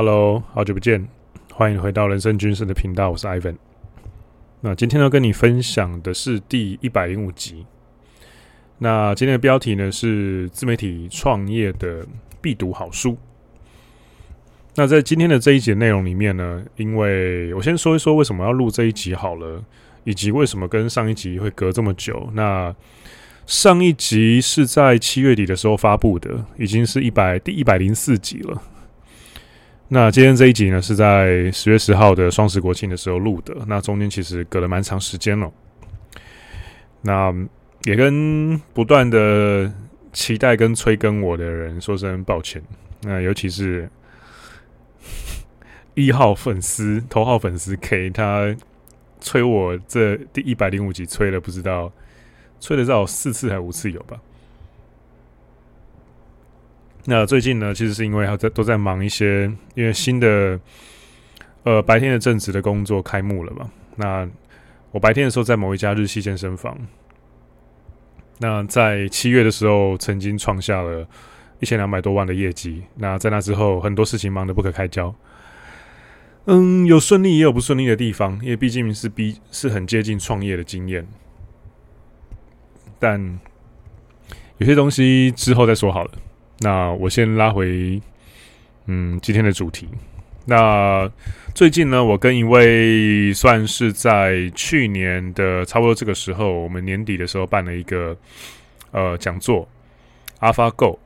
Hello，好久不見，歡迎回到人生軍師的頻道，我是 Ivan。那今天要跟你分享的是第一百零五集。那今天的標題呢是自媒體創業的必讀好書。那在今天的這一節內容裡面呢，因為我先說一說為什麼要錄這一集好了，以及為什麼跟上一集會隔這麼久。那上一集是在七月底的時候發佈的，已經是一百第一百零四集了。那今天這一集呢，是在十月十號的雙十國慶的時候錄的。那中間其實隔了蠻長時間了。那也跟不斷的期待跟催更我的人說聲抱歉。那尤其是一號粉絲，頭號粉絲 K，他催我這第一百零五集催了不知道，催了至少四次還五次有吧。那最近呢，其實是因為還在都在忙一些，因為新的，呃，白天的正職的工作開幕了嘛。那我白天的時候在某一家日系健身房。那在七月的時候，曾經創下了一千兩百多萬的業績。那在那之後，很多事情忙得不可開交。嗯，有順利也有不順利的地方，因為畢竟是畢是很接近創業的經驗。但有些東西之後再說好了。那我先拉回，嗯，今天的主題。那最近呢，我跟一位算是在去年的差不多這個時候，我們年底的時候辦了一個呃講座，AlphaGo。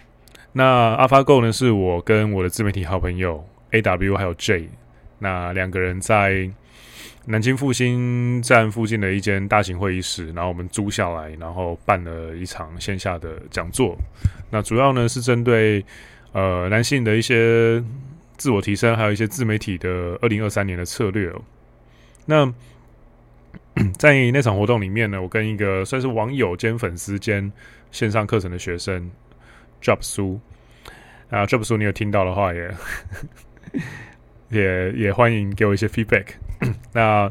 那 AlphaGo 呢，是我跟我的自媒體好朋友 AW 還有 J 那兩個人在。南京復興站附近的一間大型會議室，然後我們租下來，然後辦了一場線下的講座。那主要呢是針對呃男性的一些自我提升，還有一些自媒體的二零二三年的策略。那在那場活動裡面呢，我跟一個算是網友兼粉絲兼線上課程的學生，Job 叔啊，Job 叔你有聽到的話也呵呵，也也也歡迎給我一些 feedback。那，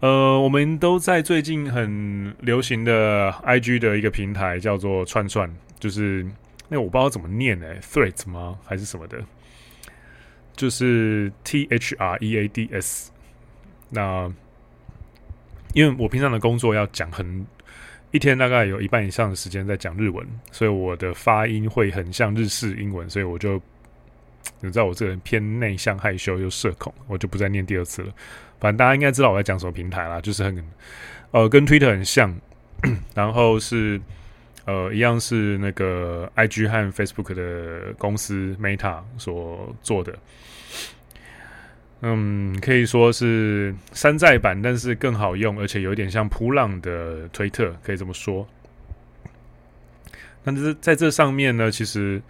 呃，我們都在最近很流行的 I G 的一個平台叫做串串，就是那我不知道怎麼念呢，Threads 嗎還是什麼的，就是 T H R E A D S 那。那因為我平常的工作要講很一天，大概有一半以上的時間在講日文，所以我的發音會很像日式英文，所以我就。你知道我這個人偏內向、害羞又社恐，我就不再念第二次了。反正大家應該知道我在講什麼平台啦，就是很呃跟 Twitter 很像，然後是呃一樣是那個 IG 和 Facebook 的公司 Meta 所做的，嗯，可以說是山寨版，但是更好用，而且有點像噗浪的推特，可以這麼說。但是在這上面呢，其實。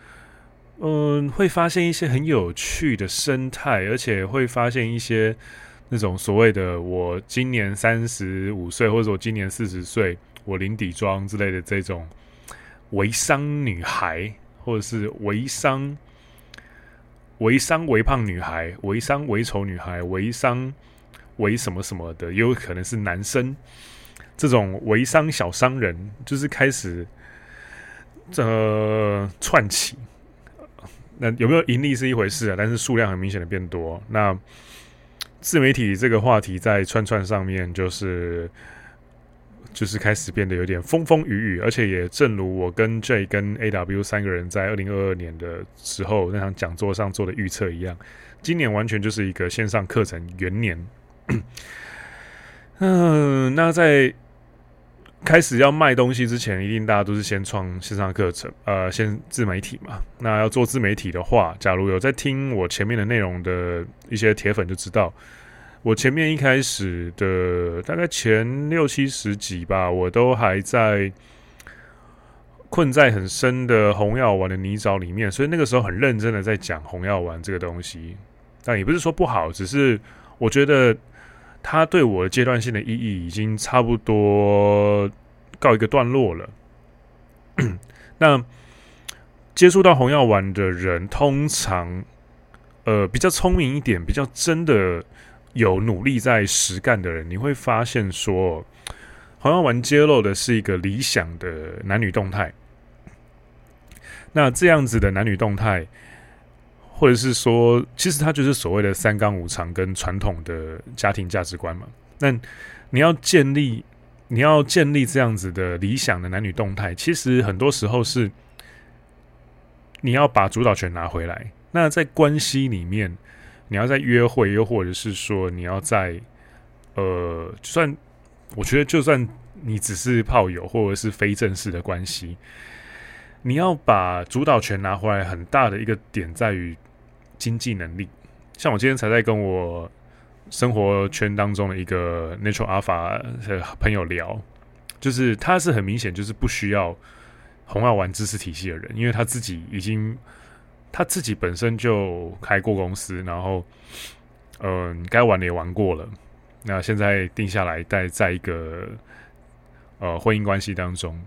嗯，會發現一些很有趣的生態，而且會發現一些那種所謂的，我今年三十五歲，或者我今年四十歲，我零底妝之類的這種微商女孩，或者是微商微商微胖女孩、微商微醜女孩、微商微什麼什麼的，也有可能是男生這種微商小商人，就是開始這、呃、串起。那有沒有盈利，是一回事啊，但是數量很明顯的變多。那自媒體這個話題在串串上面，就是就是開始變得有點風風雨雨，而且也正如我跟 Jay 跟 AW 三個人在二零二二年的時候那場講座上做的預測一樣，今年完全就是一個線上課程元年。嗯、 呃，那在。開始要賣東西之前，一定大家都是先創線上課程，呃，先自媒體嘛。那要做自媒體的話，假如有在聽我前面的內容的一些鐵粉就知道，我前面一開始的大概前六七十集吧，我都還在困在很深的紅藥丸的泥沼裡面，所以那個時候很認真的在講紅藥丸這個東西，但也不是說不好，只是我覺得。它對我階段性的意義已經差不多告一個段落了。 那接觸到紅藥丸的人，通常呃比較聰明一點、比較真的有努力在實幹的人，你會發現說，紅藥丸揭露的是一個理想的男女動態。那這樣子的男女動態。或者是說，其實它就是所謂的“三綱五常”跟傳統的家庭價值觀嘛。那你要建立，你要建立這樣子的理想的男女動態，其實很多時候是你要把主導權拿回來。那在關係裡面，你要在約會，又或者是說你要在呃，就算我覺得就算你只是炮友或者是非正式的關係，你要把主導權拿回來，很大的一個點在於。經濟能力，像我今天才在跟我生活圈當中的一個 Natural Alpha 的朋友聊，就是他是很明顯就是不需要紅藥丸知識體系的人，因為他自己已經他自己本身就開過公司，然後嗯該、呃、玩的也玩過了，那現在定下來待在，在一個呃婚姻關係當中，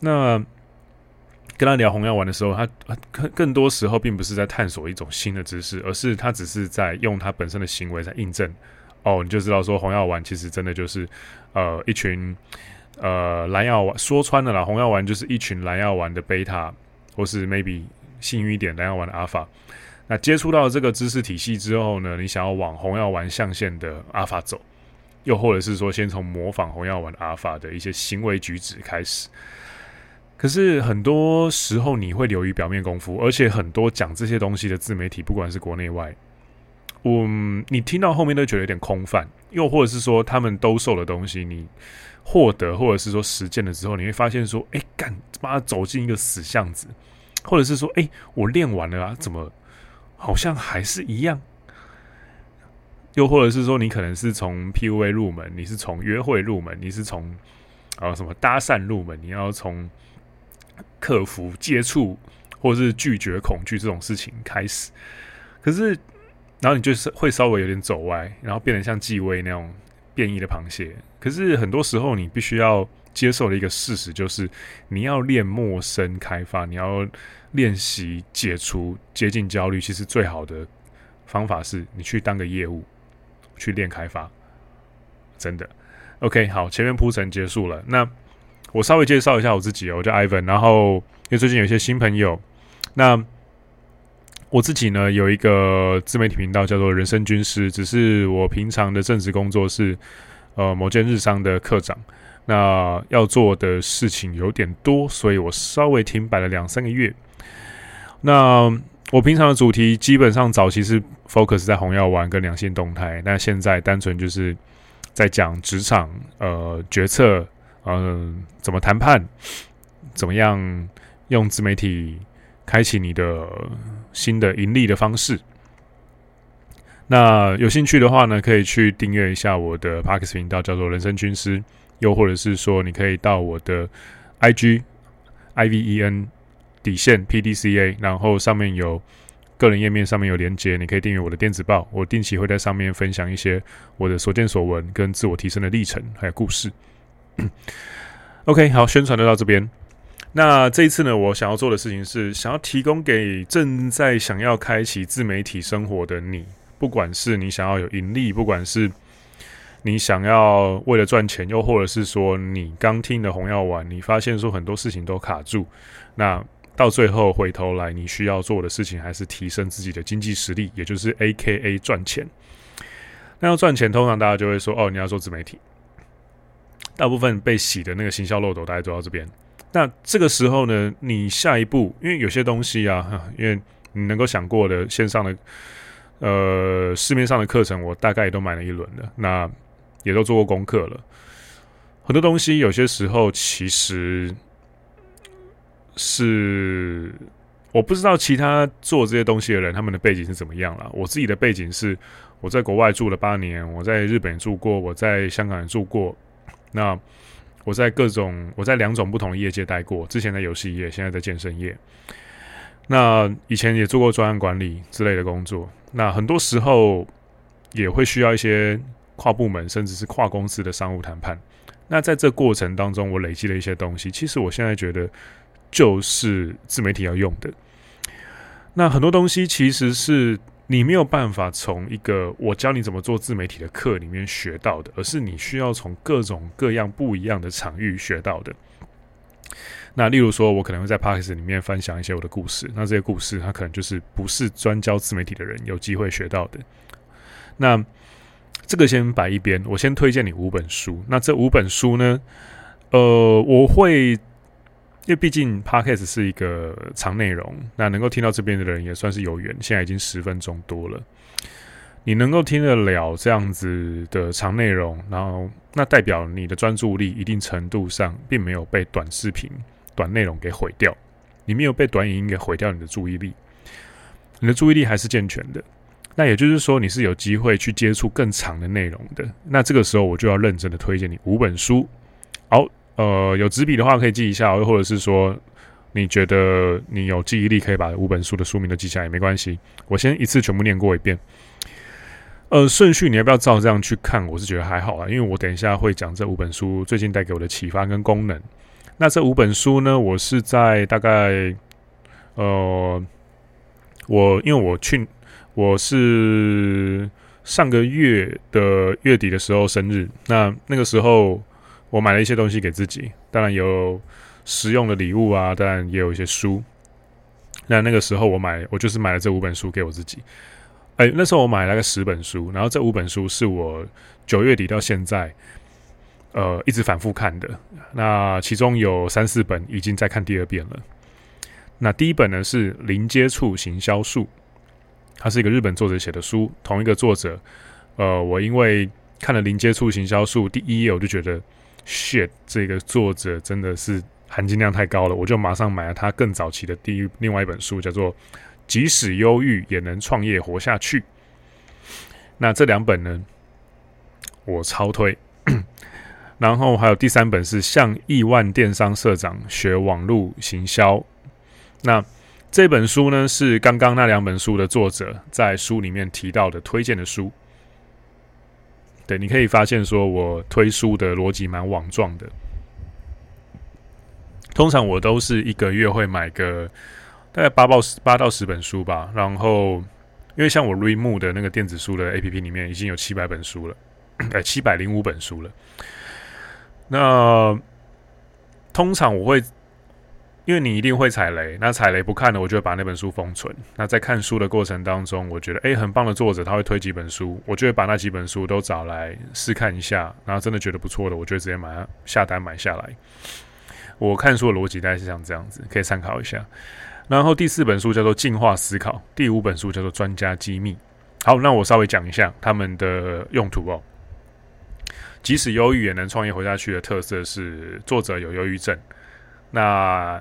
那。跟他聊紅藥丸的時候，他更多時候並不是在探索一種新的知識，而是他只是在用他本身的行為在印證。哦，你就知道說紅藥丸其實真的就是，呃，一群呃藍藥丸。說穿了啦，紅藥丸就是一群藍藥丸的貝塔，或是 maybe 幸運一點藍藥丸的 alpha。那接觸到這個知識體系之後呢，你想要往紅藥丸象限的 alpha 走，又或者是說先從模仿紅藥丸 alpha 的一些行為舉止開始。可是很多時候你會流於表面功夫，而且很多講這些東西的自媒體，不管是國內外，我、嗯、你聽到後面都覺得有點空泛，又或者是說他們兜售的東西你，你獲得或者是說實踐了之後，你會發現說，哎、欸，幹他媽走進一個死巷子，或者是說，哎、欸，我練完了、啊，怎麼好像還是一樣？又或者是說，你可能是從 PUA 入門，你是從約會入門，你是從啊什麼搭訕入門，你要從。克服接觸或是拒絕恐懼這種事情開始，可是然後你就是會稍微有點走歪，然後變得像繼威那種變異的螃蟹。可是很多時候你必須要接受的一個事實就是，你要練陌生開發，你要練習解除接近焦慮。其實最好的方法是你去當個業務去練開發，真的。OK，好，前面鋪陳結束了，那。我稍微介紹一下我自己哦，我叫艾文。然後，因為最近有一些新朋友，那我自己呢，有一個自媒體頻道叫做“人生軍師”。只是我平常的正職工作是呃某間日商的課長，那要做的事情有點多，所以我稍微停擺了兩三個月。那我平常的主題基本上早期是 focus 在紅藥丸跟兩性動態，那現在單純就是在講職場呃決策。嗯、呃，怎麼談判？怎麼樣用自媒體開啟你的新的盈利的方式？那有興趣的話呢，可以去訂閱一下我的 Parks 頻道，叫做“人生軍師”，又或者是說，你可以到我的 IG I V E N 底線 P D C A，然後上面有個人頁面，上面有連結，你可以訂閱我的電子報。我定期會在上面分享一些我的所見所聞，跟自我提升的歷程，還有故事。OK，好，宣傳就到這邊。那這一次呢，我想要做的事情是，想要提供給正在想要開啟自媒體生活的你，不管是你想要有盈利，不管是你想要為了賺錢，又或者是說你剛聽的紅藥丸，你發現說很多事情都卡住，那到最後回頭來，你需要做的事情還是提升自己的經濟實力，也就是 AKA 賺錢。那要賺錢，通常大家就會說，哦，你要做自媒體。大部分被洗的那個行銷漏斗，大概走到這邊。那這個時候呢，你下一步，因為有些東西啊，因為你能夠想過的線上的，呃，市面上的課程，我大概也都買了一輪的，那也都做過功課了。很多東西，有些時候其實是我不知道其他做這些東西的人他們的背景是怎麼樣啦，我自己的背景是我在國外住了八年，我在日本住過，我在香港住過。那我在各種我在兩種不同的業界待過，之前在遊戲業，現在在健身業。那以前也做過專案管理之類的工作。那很多時候也會需要一些跨部門甚至是跨公司的商務談判。那在這過程當中，我累積了一些東西。其實我現在覺得，就是自媒體要用的。那很多東西其實是。你沒有辦法從一個我教你怎麼做自媒體的課裡面學到的，而是你需要從各種各樣不一樣的場域學到的。那例如說，我可能會在 Podcast 裡面分享一些我的故事，那這些故事它可能就是不是專教自媒體的人有機會學到的。那這個先擺一邊，我先推薦你五本書。那這五本書呢，呃，我會。因為畢竟 Podcast 是一個長內容，那能夠聽到這邊的人也算是有緣。現在已經十分鐘多了，你能夠聽得了這樣子的長內容，然後那代表你的專注力一定程度上並沒有被短視頻、短內容給毀掉，你沒有被短影音給毀掉你的注意力，你的注意力還是健全的。那也就是說，你是有機會去接觸更長的內容的。那這個時候，我就要認真的推薦你五本書。好。呃，有紙筆的話可以記一下，或者是說，你覺得你有記憶力，可以把五本書的書名都記下也沒關係。我先一次全部念過一遍。呃，順序你要不要照這樣去看？我是覺得還好啊，因為我等一下會講這五本書最近帶給我的啟發跟功能。那這五本書呢，我是在大概呃，我因為我去我是上個月的月底的時候生日，那那個時候。我買了一些東西給自己，當然有實用的禮物啊，當然也有一些書。那那個時候我買，我就是買了這五本書給我自己。哎、欸，那時候我買了個十本書，然後這五本書是我九月底到現在，呃，一直反覆看的。那其中有三四本已經在看第二遍了。那第一本呢是《零接觸行銷術》，它是一個日本作者寫的書。同一個作者，呃，我因為看了《零接觸行銷術》第一頁，我就覺得。shit，這個作者真的是含金量太高了，我就馬上買了他更早期的第一另外一本書，叫做《即使憂鬱也能創業活下去》。那這兩本呢，我超推。 然後還有第三本是《向億萬電商社長學網絡行銷》。那這本書呢，是剛剛那兩本書的作者在書裡面提到的推薦的書。對，你可以發現，說我推書的邏輯蠻網狀的。通常我都是一個月會買個大概八到八到十本書吧，然後因為像我 Readmoo 的那個電子書的 A P P 裡面已經有七百本書了，哎，七百零五本書了。那通常我會。因為你一定會踩雷，那踩雷不看了，我就會把那本書封存。那在看書的過程當中，我覺得誒，很棒的作者，他會推幾本書，我就會把那幾本書都找來試看一下。然後真的覺得不錯的，我就直接買下單買下來。我看書的邏輯大概是像這樣子，可以參考一下。然後第四本書叫做《進化思考》，第五本書叫做《專家機密》。好，那我稍微講一下他們的用途哦。即使憂鬱也能創業活下去的特色是，作者有憂鬱症。那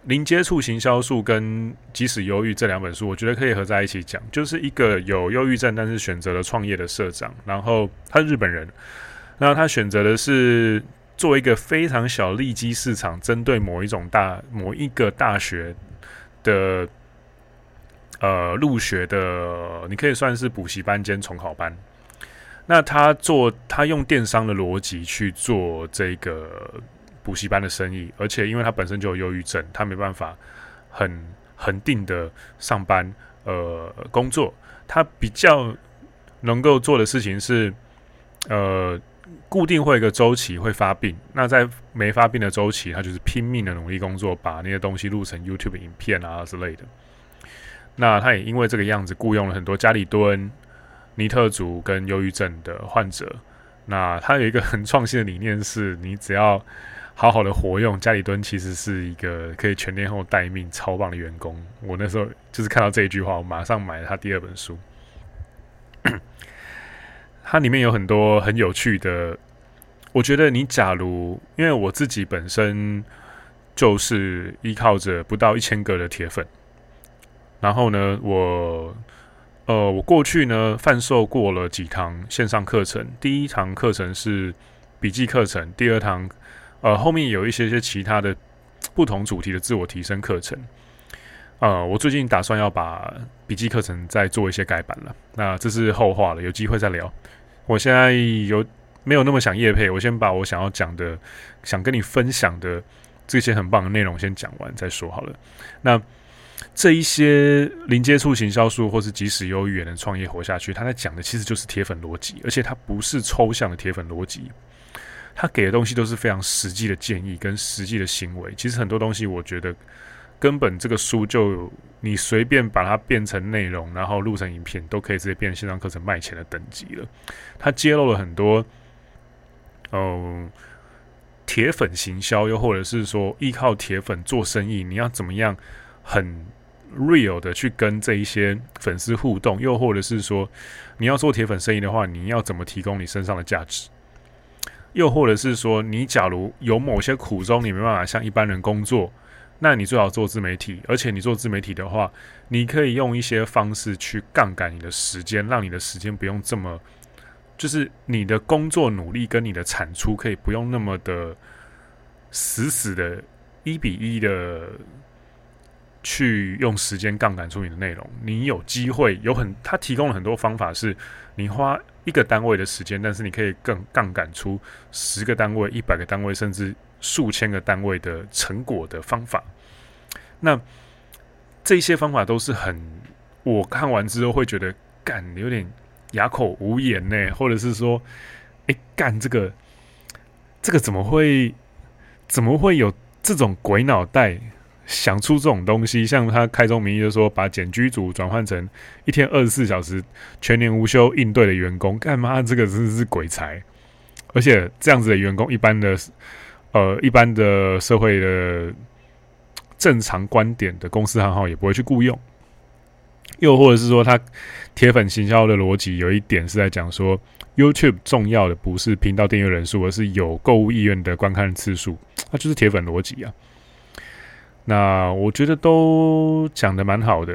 《零接觸型銷售》跟《即使憂鬱》這兩本書，我覺得可以合在一起講。就是一個有憂鬱症，但是選擇了創業的社長，然後他是日本人，那他選擇的是做一個非常小利基市場，針對某一種大某一個大學的呃入學的，你可以算是補習班兼重考班。那他做，他用電商的邏輯去做這個。補習班的生意，而且因為他本身就有憂鬱症，他沒辦法很恆定的上班、呃工作。他比較能夠做的事情是，呃，固定會一個周期會發病。那在沒發病的周期，他就是拼命的努力工作，把那些東西錄成 YouTube 影片啊之類的。那他也因為這個樣子，僱傭了很多家裡蹲、尼特族跟憂鬱症的患者。那他有一個很創新的理念，是你只要，好好的活用，家裡蹲其實是一個可以全天候待命、超棒的員工。我那時候就是看到這一句話，我馬上買了他第二本書。它 裡面有很多很有趣的。我覺得你假如，因為我自己本身就是依靠着不到一千個的鐵粉，然後呢，我呃，我過去呢販售過了幾堂線上課程，第一堂課程是筆記課程，第二堂。呃，後面有一些些其他的不同主題的自我提升課程。呃，我最近打算要把筆記課程再做一些改版了。那這是後話了，有機會再聊。我現在有沒有那麼想業配？我先把我想要講的、想跟你分享的這些很棒的內容先講完再說好了。那這一些零接觸行銷術，或是即使憂鬱也能創業活下去，他在講的其實就是鐵粉邏輯，而且它不是抽象的鐵粉邏輯。他給的東西都是非常實際的建議跟實際的行為。其實很多東西，我覺得根本這個書就你隨便把它變成內容，然後錄成影片，都可以直接變成線上課程賣錢的等級了。他揭露了很多，哦，鐵粉行銷，又或者是說依靠鐵粉做生意，你要怎麼樣很 real 的去跟這一些粉絲互動，又或者是說你要做鐵粉生意的話，你要怎麼提供你身上的價值？又或者是說，你假如有某些苦衷，你沒辦法像一般人工作，那你最好做自媒體。而且你做自媒體的話，你可以用一些方式去槓桿你的時間，讓你的時間不用這麼，就是你的工作努力跟你的產出可以不用那麼的死死的，一比一的。去用時間槓桿出你的內容，你有機會有很，他提供了很多方法，是你花一個單位的時間，但是你可以更槓桿出十個單位、一百個單位，甚至數千個單位的成果的方法。那這些方法都是很，我看完之後會覺得幹有點啞口無言呢、欸，或者是說，哎、欸、幹這個，這個怎麼會，怎麼會有這種鬼腦袋？想出這種東西，像他開宗明義就說把簡居組轉換成一天二十四小時、全年無休應對的員工，幹嘛這個真的是鬼才！而且這樣子的員工，一般的呃，一般的社會的正常觀點的公司行號，也不會去雇傭。又或者是說，他鐵粉行銷的邏輯有一點是在講說，YouTube 重要的不是頻道訂閱人數，而是有購物意願的觀看次數，那、啊、就是鐵粉邏輯啊。那我覺得都講的蠻好的，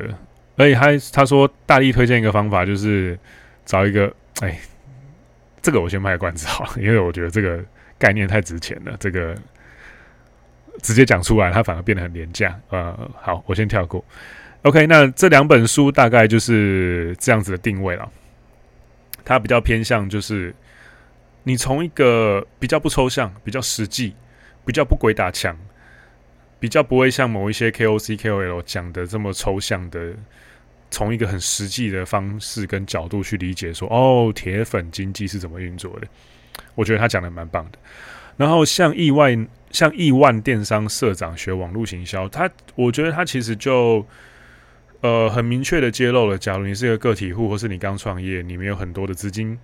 而且還他說大力推薦一個方法，就是找一個，哎，這個我先賣個關子好了，因為我覺得這個概念太值錢了，這個直接講出來，它反而變得很廉價。呃，好，我先跳過。OK，那這兩本書大概就是這樣子的定位了，它比較偏向就是你從一個比較不抽象、比較實際、比較不鬼打牆。比較不會像某一些 KOC、KOL 講的這麼抽象的，從一個很實際的方式跟角度去理解說，哦，鐵粉經濟是怎麼運作的？我覺得他講的蠻棒的。然後像億萬像億萬電商社長學網絡行銷，他我覺得他其實就呃很明確的揭露了，假如你是一個個體戶，或是你剛創業，你沒有很多的資金，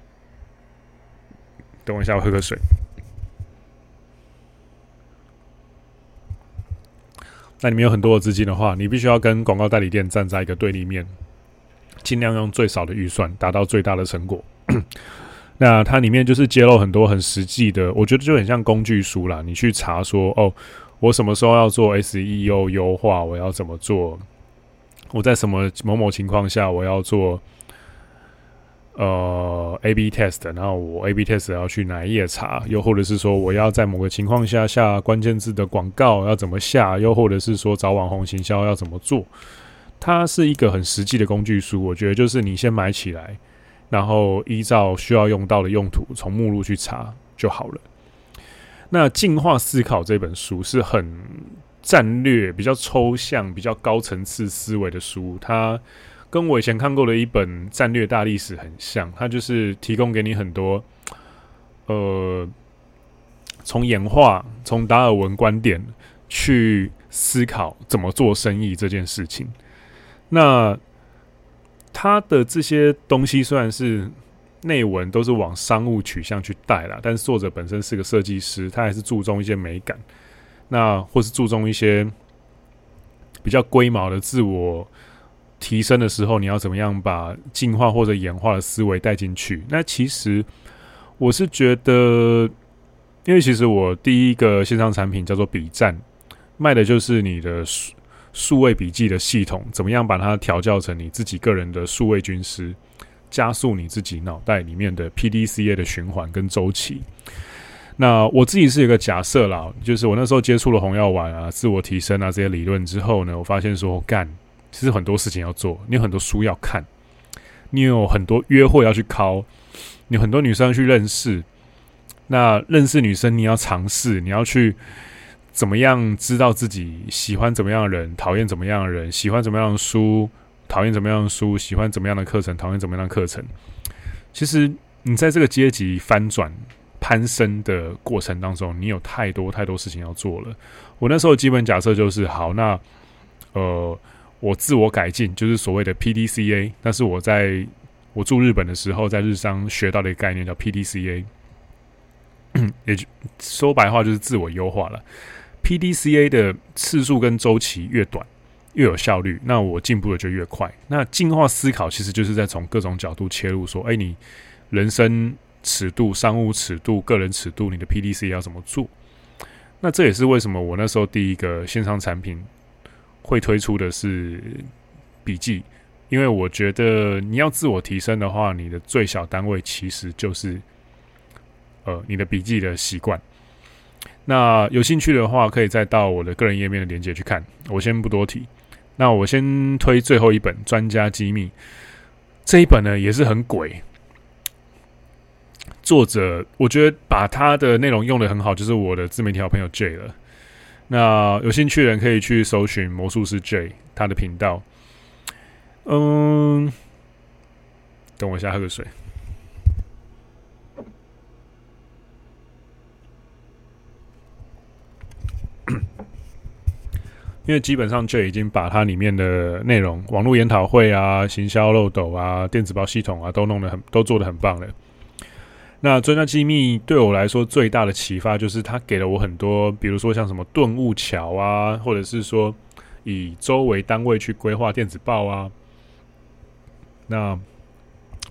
等我一下，我喝個水。那你沒有很多的資金的話，你必須要跟廣告代理店站在一個對立面，盡量用最少的預算達到最大的成果。 那它裡面就是揭露很多很實際的，我覺得就很像工具書啦。你去查說，哦，我什麼時候要做 SEO 優化，我要怎麼做？我在什麼某某情況下我要做？呃，A/B test，然後我 A/B test 要去哪一頁查？又或者是說，我要在某個情況下下關鍵字的廣告要怎麼下？又或者是說，找網紅行銷要怎麼做？它是一個很實際的工具書，我覺得就是你先買起來，然後依照需要用到的用途，從目錄去查就好了。那進化思考這本書是很戰略，比較抽象、比較高層次思維的書，它。跟我以前看過的一本《戰略大歷史》很像，它就是提供給你很多，呃，從演化、從達爾文觀點去思考怎麼做生意這件事情。那它的這些東西雖然是內文都是往商務取向去帶啦，但是作者本身是個設計師，他還是注重一些美感，那或是注重一些比較龜毛的自我提升的時候，你要怎麼樣把進化或者演化的思維帶進去？那其實我是覺得，因為其實我第一個線上產品叫做筆戰，賣的就是你的數數位筆記的系統，怎麼樣把它調教成你自己個人的數位軍師，加速你自己腦袋裡面的 PDCA 的循環跟周期。那我自己是有個假設啦，就是我那時候接觸了紅藥丸啊、自我提升啊這些理論之後呢，我發現說幹。其實很多事情要做，你有很多書要看，你有很多約會要去考，你有很多女生要去認識。那認識女生，你要嘗試，你要去怎麼樣知道自己喜歡怎麼樣的人，討厭怎麼樣的人，喜歡怎麼樣的書，討厭怎麼樣的書，喜歡怎麼樣的課程，討厭怎麼樣的課程。其實你在這個階級翻轉、攀升的過程當中，你有太多太多事情要做了。我那時候基本假設就是，好，那呃。我自我改進就是所謂的 P D C A。但是我在我住日本的時候，在日商學到的一個概念叫 P D C A， 也就說白話就是自我優化了。P D C A 的次數跟週期越短，越有效率，那我進步的就越快。那進化思考其實就是在從各種角度切入說，說哎，你人生尺度、商務尺度、個人尺度，你的 P D C A 要怎麼做？那這也是為什麼我那時候第一個線上產品會推出的是筆記，因為我覺得你要自我提升的話，你的最小單位其實就是呃你的筆記的習慣。那有興趣的話，可以再到我的個人頁面的鏈接去看，我先不多提。那我先推最後一本《專家機密》，這一本呢也是很鬼。作者我覺得把他的內容用得很好，就是我的自媒體好朋友 J 了。那有興趣的人可以去搜尋魔術師 J 他的頻道，嗯，等我一下喝個水，因為基本上 J 已經把他裡面的內容，網絡研討會啊、行銷漏斗啊、電子報系統啊，都弄得很，都做得很棒了。那專家機密對我來說最大的啟發，就是他給了我很多，比如說像什麼頓悟橋啊，或者是說以週為單位去規劃電子報啊，那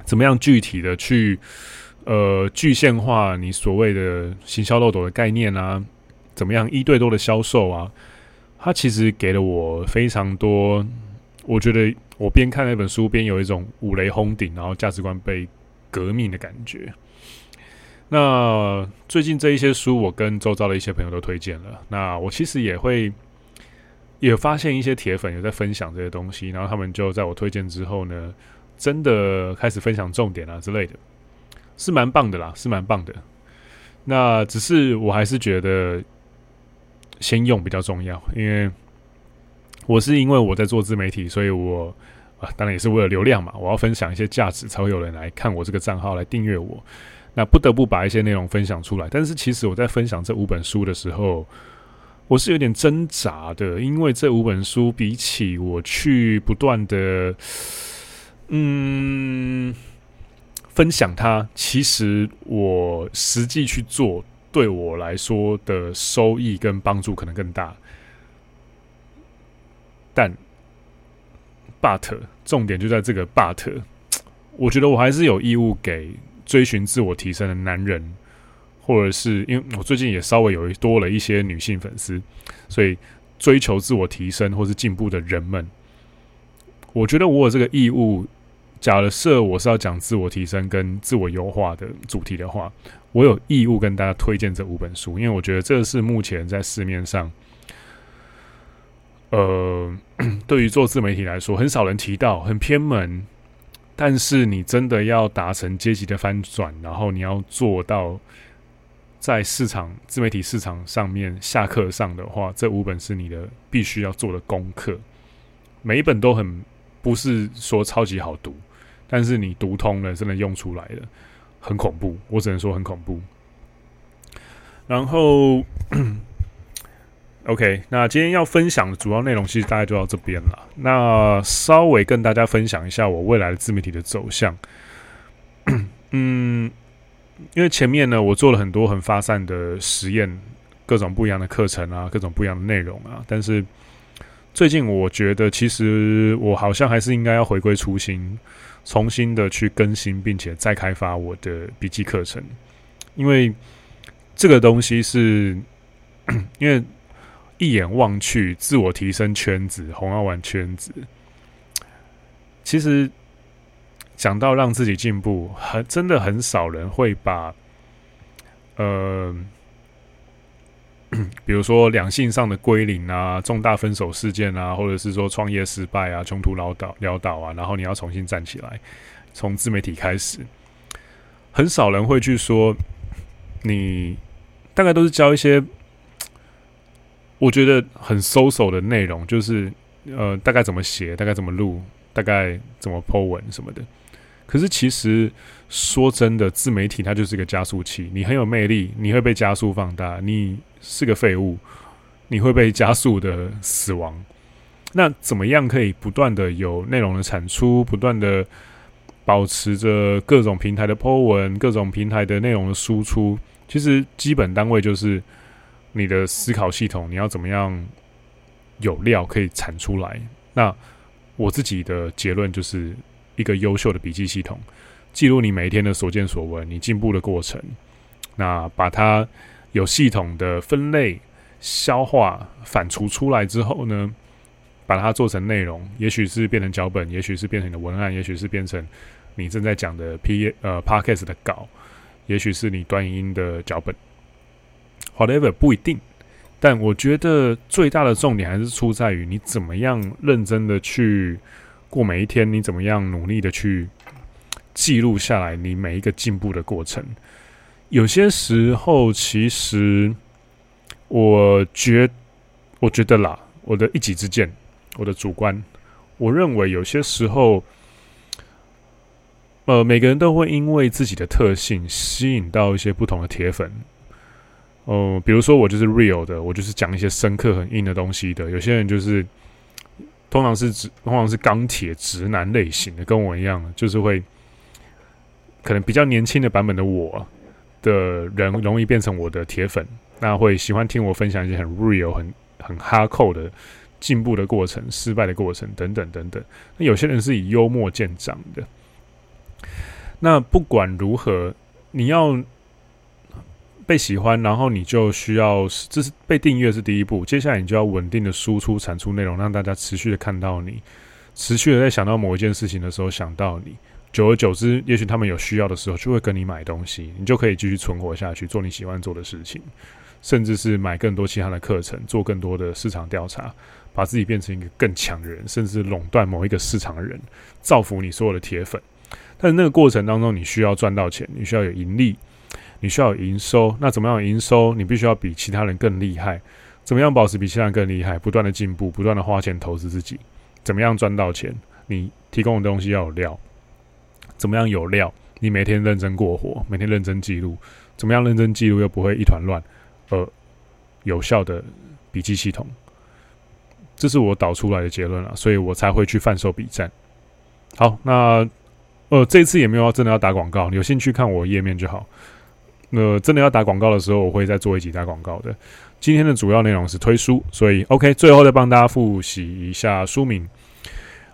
怎麼樣具體的去呃具現化你所謂的行銷漏斗的概念啊？怎麼樣一對多的銷售啊？它其實給了我非常多，我覺得我邊看那本書邊有一種五雷轟頂，然後價值觀被革命的感覺。那最近這一些書，我跟周遭的一些朋友都推薦了。那我其實也會也發現一些鐵粉有在分享這些東西，然後他們就在我推薦之後呢，真的開始分享重點啊之類的，是蠻棒的啦，是蠻棒的。那只是我還是覺得先用比較重要，因為我是因為我在做自媒體，所以我啊當然也是為了流量嘛，我要分享一些價值才會有人來看我這個賬號，來訂閱我。啊、不得不把一些內容分享出來，但是其實我在分享這五本書的時候，我是有點掙扎的，因為這五本書比起我去不斷的嗯分享它，其實我實際去做對我來說的收益跟幫助可能更大，但 but 重點就在這個 but，我覺得我還是有義務給。追尋自我提升的男人，或者是因為我最近也稍微有多了一些女性粉絲，所以追求自我提升或是進步的人們，我覺得我有這個義務。假設我是要講自我提升跟自我優化的主題的話，我有義務跟大家推薦這五本書，因為我覺得這是目前在市面上，呃，對於做自媒體來說，很少人提到，很偏門。但是你真的要達成階級的翻轉，然後你要做到在市場自媒體市場上面下課上的話，這五本是你的必須要做的功課。每一本都很不是說超級好讀，但是你讀通了，真的用出來了，很恐怖。我只能說很恐怖。然後。OK，那今天要分享的主要內容其實大概就到這邊了。那稍微跟大家分享一下我未來的自媒體的走向。 嗯，因為前面呢，我做了很多很發散的實驗，各種不一樣的課程啊，各種不一樣的內容啊。但是最近我覺得，其實我好像還是應該要回歸初心，重新的去更新，並且再開發我的筆記課程，因為這個東西是，因為。一眼望去，自我提升圈子、紅藥丸圈子，其實講到讓自己進步，很真的很少人會把，呃，比如說兩性上的歸零啊，重大分手事件啊，或者是說創業失敗啊，窮途潦倒潦倒啊，然後你要重新站起來，從自媒體開始，很少人會去說，你大概都是教一些。我覺得很 so so 的內容，就是呃，大概怎麼寫，大概怎麼錄，大概怎麼 po 文什麼的。可是其實說真的，自媒體它就是一個加速器。你很有魅力，你會被加速放大；你是個廢物，你會被加速的死亡。那怎麼樣可以不斷的有內容的產出，不斷的保持着各種平台的 po 文，各種平台的內容的輸出？其實基本單位就是。你的思考系統，你要怎麼樣有料可以產出來？那我自己的結論就是一個優秀的筆記系統，記錄你每一天的所見所聞，你進步的過程。那把它有系統的分類、消化、反芻出來之後呢，把它做成內容，也許是變成腳本，也許是變成你的文案，也許是變成你正在講的 P 呃 Podcast 的稿，也許是你端音，音的腳本。whatever 不一定，但我覺得最大的重點還是出在於你怎麼樣認真的去過每一天，你怎麼樣努力的去記錄下來你每一個進步的過程。有些時候，其實我覺得我覺得啦，我的一己之見，我的主觀，我認為有些時候，呃，每個人都會因為自己的特性吸引到一些不同的鐵粉。哦、呃，比如說我就是 real 的，我就是講一些深刻、很硬的東西的。有些人就是，通常是直，通常是鋼鐵直男類型的，跟我一樣，就是會可能比較年輕的版本的我的人，容易變成我的鐵粉。那會喜歡聽我分享一些很 real 很、很很哈扣的進步的過程、失敗的過程等等等等。那有些人是以幽默見長的。那不管如何，你要。被喜歡，然後你就需要，這是被訂閱是第一步，接下來你就要穩定的輸出產出內容，讓大家持續的看到你，持續的在想到某一件事情的時候想到你，久而久之，也許他們有需要的時候就會跟你買東西，你就可以繼續存活下去，做你喜歡做的事情，甚至是買更多其他的課程，做更多的市場調查，把自己變成一個更強的人，甚至壟斷某一個市場的人，造福你所有的鐵粉。但是那個過程當中，你需要賺到錢，你需要有盈利。你需要有營收，那怎麼樣營收？你必須要比其他人更厲害。怎麼樣保持比其他人更厲害？不斷的進步，不斷的花錢投資自己。怎麼樣賺到錢？你提供的東西要有料。怎麼樣有料？你每天認真過活，每天認真記錄。怎麼樣認真記錄又不會一團亂？呃，有效的筆記系統，這是我導出來的結論了啊，所以我才會去販售筆戰。好，那呃，這次也沒有真的要打廣告，有興趣看我頁面就好。那、呃、真的要打廣告的時候，我會再做一集打廣告的。今天的主要內容是推書，所以 OK，最後再幫大家複習一下書名：《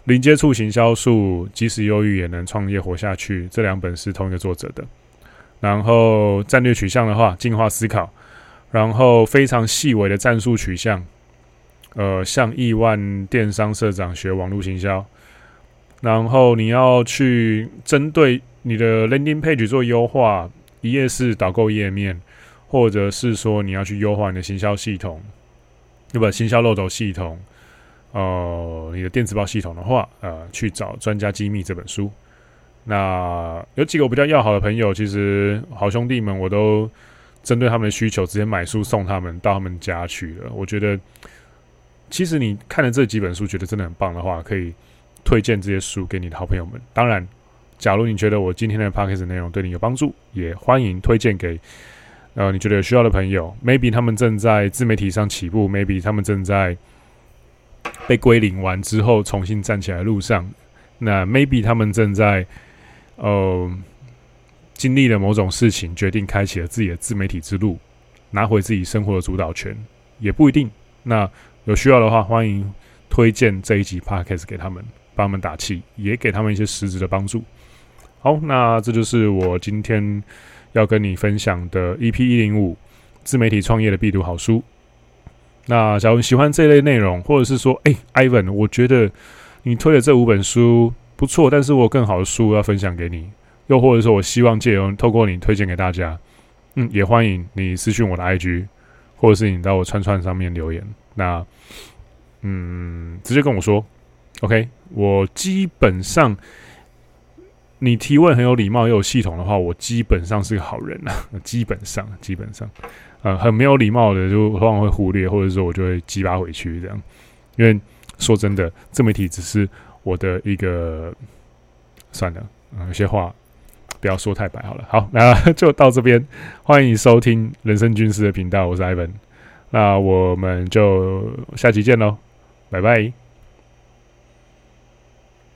零接觸行銷術》，即使憂鬱也能創業活下去。這兩本是同一個作者的。然後戰略取向的話，進化思考；然後非常細微的戰術取向，呃，向億萬電商社長學網絡行銷。然後你要去針對你的 landing page 做優化。一頁式導購頁面，或者是說你要去優化你的行銷系統，對吧？行銷漏斗系統，呃，你的電子報系統的話，呃，去找《專家機密》這本書。那有幾個我比較要好的朋友，其實好兄弟們，我都針對他們的需求，直接買書送他們到他們家去了。我覺得，其實你看了這幾本書，覺得真的很棒的話，可以推薦這些書給你的好朋友們。當然。假如你覺得我今天的 podcast 內容對你有幫助，也歡迎推薦給呃你覺得有需要的朋友。maybe 他們正在自媒體上起步，maybe 他們正在被歸零完之後重新站起來的路上。那 maybe 他們正在呃經歷了某種事情，決定開啟了自己的自媒體之路，拿回自己生活的主導權，也不一定。那有需要的話，歡迎推薦這一集 podcast 給他們，幫他們打氣，也給他們一些實質的幫助。好，那這就是我今天要跟你分享的 EP 一零五自媒體創業的必讀好書。那假如你喜歡這類內容，或者是說，哎、欸、，Ivan，我覺得你推的這五本書不錯，但是我有更好的書要分享給你，又或者說我希望借由透過你推薦給大家，嗯，也歡迎你私訊我的 IG，或者是你到我串串上面留言，那嗯，直接跟我說，OK，我基本上。你提問很有禮貌又有系統的話，我基本上是個好人啊，基本上基本上，呃，很沒有禮貌的就往往會忽略，或者說我就會雞巴回去這樣。因為說真的，自媒體只是我的一個，算了，呃，有些話不要說太白好了。好，那就到這邊，歡迎收聽《人生軍師》的頻道，我是 Iven，那我們就下期見嘍，拜拜。